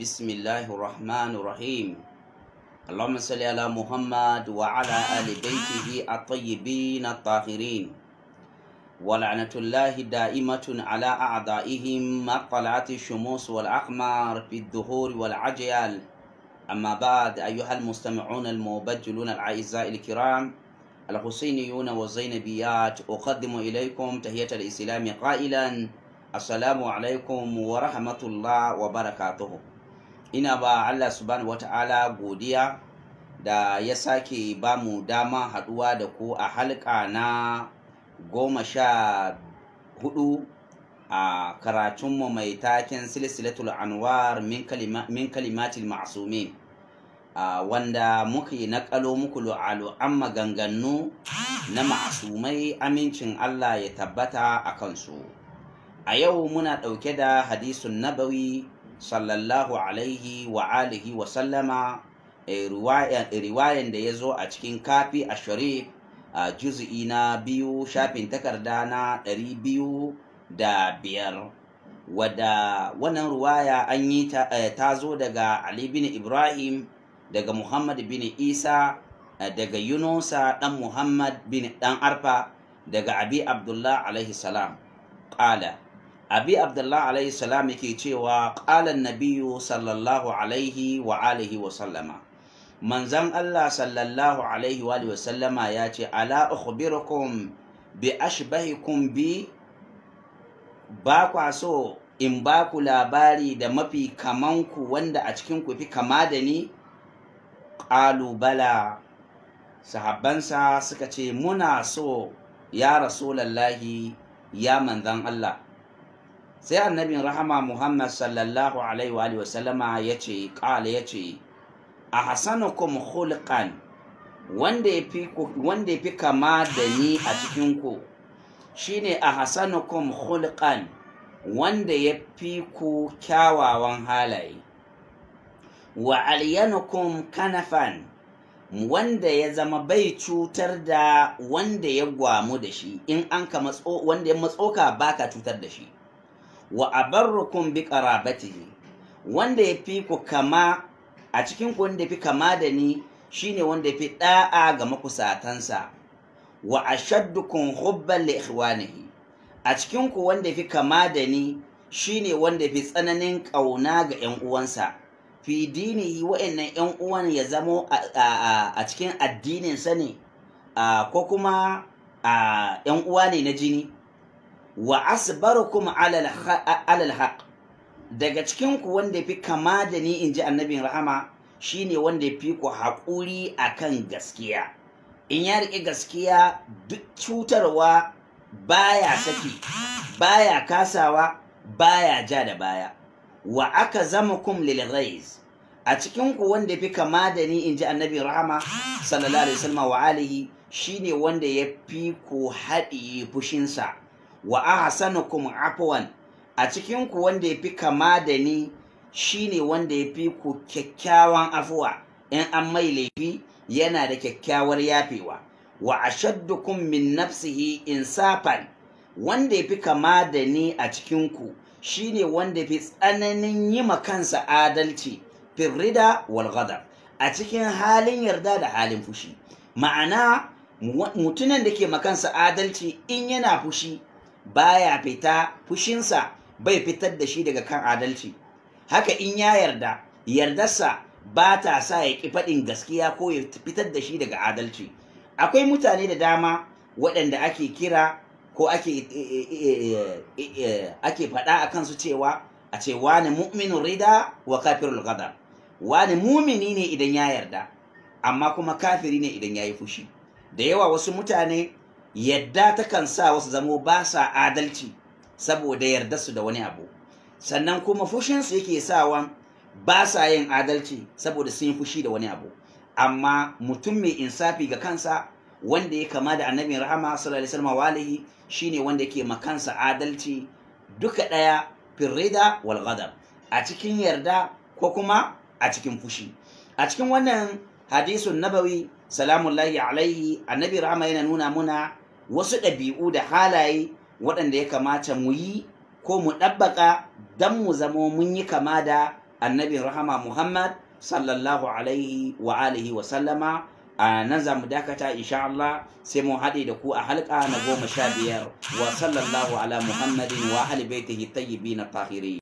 بسم الله الرحمن الرحيم اللهم صل على محمد وعلى آل بيته الطيبين الطاهرين ولعنة الله دائمة على أعدائهم ما طلعت الشموس والأقمار في الدهور والعجيال أما بعد أيها المستمعون المبجلون الأعزاء الكرام الحسينيون والزينبيات أقدم إليكم تهية الإسلام قائلا السلام عليكم ورحمة الله وبركاته ina ba Allah subhanahu wata'ala godiya da ya sake ba mu dama haɗuwa da ku a halka na goma sha hudu a karatunmu mai taken silsilatul anwar min, kalima, kalimatil ma'asumin wanda muka yi naƙalo muku lu'alu, an maganganu na ma'asumai amincin Allah ya tabbata a kansu a yau muna ɗauke da hadisun nabawi sallallahu alaihi wa alihi wa sallama eh, eh, riwayan da ya zo a cikin kafi a sharif a juzi'i na biyu shafin takarda na ɗari biyu da biyar wadda wannan ruwaya an yi eh, ta zo daga ali bin ibrahim daga muhammad bin isa daga yunusa dan muhammad bin dan arfa daga abi abdullah alaihi salam ƙala abi abdullah alaihi salam yake cewa ƙalan nabiyu sallallahu alaihi wa alihi wa sallama manzan allah sallallahu alaihi wa alihi wa sallama ya ce ala ukhbirukum bi ashbahikum bi ba kwa so in ba ku labari da mafi kamanku wanda a cikin ku fi kama da ni ƙalubala sahabansa suka ce muna so ya rasulallahi ya manzan allah sai Annabi rahama muhammad sallallahu alaihi wa sallama ya ce ƙala ya ce a hasanukum hulƙan wanda ya fi kama da ni a cikinku shine a hasanukum hulƙan wanda ya fi ku kyawawan halaye wa alyanukum kanafan wanda ya zama bai cutar da wanda ya gwamu da shi in an ka wanda ya matsoka baka cutar da shi wa abarrukum bi qarabatihi wanda ya fi ku kama a cikin ku wanda fi kama da ni shine wanda ya da'a ga makusatansa wa ashaddukum hubban li ikhwanihi a cikin ku wanda ya kama da ni shine wanda ya tsananin kauna ga yan uwansa fi dinihi wa'annan yan uwan ya zamo a cikin addinin sa ne ko kuma yan uwa ne na jini wa asbarukum ala haq daga cikin ku wanda fi kama da ni in ji annabin rahama shine wanda fi ku haƙuri akan gaskiya in ya riƙe gaskiya duk cutarwa baya saki baya kasawa baya ja da baya wa aka zama kum lil a cikin ku wanda fi kama da ni in ji annabi rahama sallallahu alaihi wa alihi shine wanda ya fi ku haɗiye fushinsa wa ahsanukum afwan a cikinku ku wanda yafi kama da ni shine wanda yafi ku kyakkyawan afuwa, in an mai laifi yana da kyakkyawar yafewa wa ashaddukum min nafsihi insafan wanda yafi kama da ni a cikinku, ku shine wanda yafi tsananin yi ma kansa adalci firrida wal a cikin halin yarda da halin fushi ma'ana mutunan da ke makansa adalci in yana fushi baya fita fushinsa bai fitar da shi daga kan adalci haka in ya yarda yardarsa ba ta sa ya ki faɗin gaskiya ko ya fitar da shi daga adalci akwai mutane da dama waɗanda ake kira ko ake eh, eh, eh, ake faɗa a kansu cewa a ce wani mu'minu rida wa kafirul ghadab wani mumini ne idan ya yarda amma kuma kafiri ne idan ya yi fushi da yawa wasu mutane yadda takan sa wasu zamo ba sa adalci saboda yarda su da wani abu sannan kuma fushinsu yake sawa ba sa yin adalci saboda sun yi fushi da wani abu amma mutum mai insafi ga kansa wanda ya kama da annabin rahama sallallahu alaihi wasallam walihi shine wanda yake kansa adalci duka daya firida wal ghadab a cikin yarda ko kuma a cikin fushi a cikin wannan hadisun nabawi salamullahi alaihi annabi rahama yana nuna muna wasu ɗabi'u da halaye waɗanda ya kamata mu yi ko mu ɗabbaƙa don mu zamo mun yi kama da annabin rahama muhammad sallallahu alaihi wa alihi wa sallama a nan za mu dakata insha Allah sai mu haɗe da ku a halka na goma sha biyar wa sallallahu ala muhammadin wa ahli baitihi na tahiri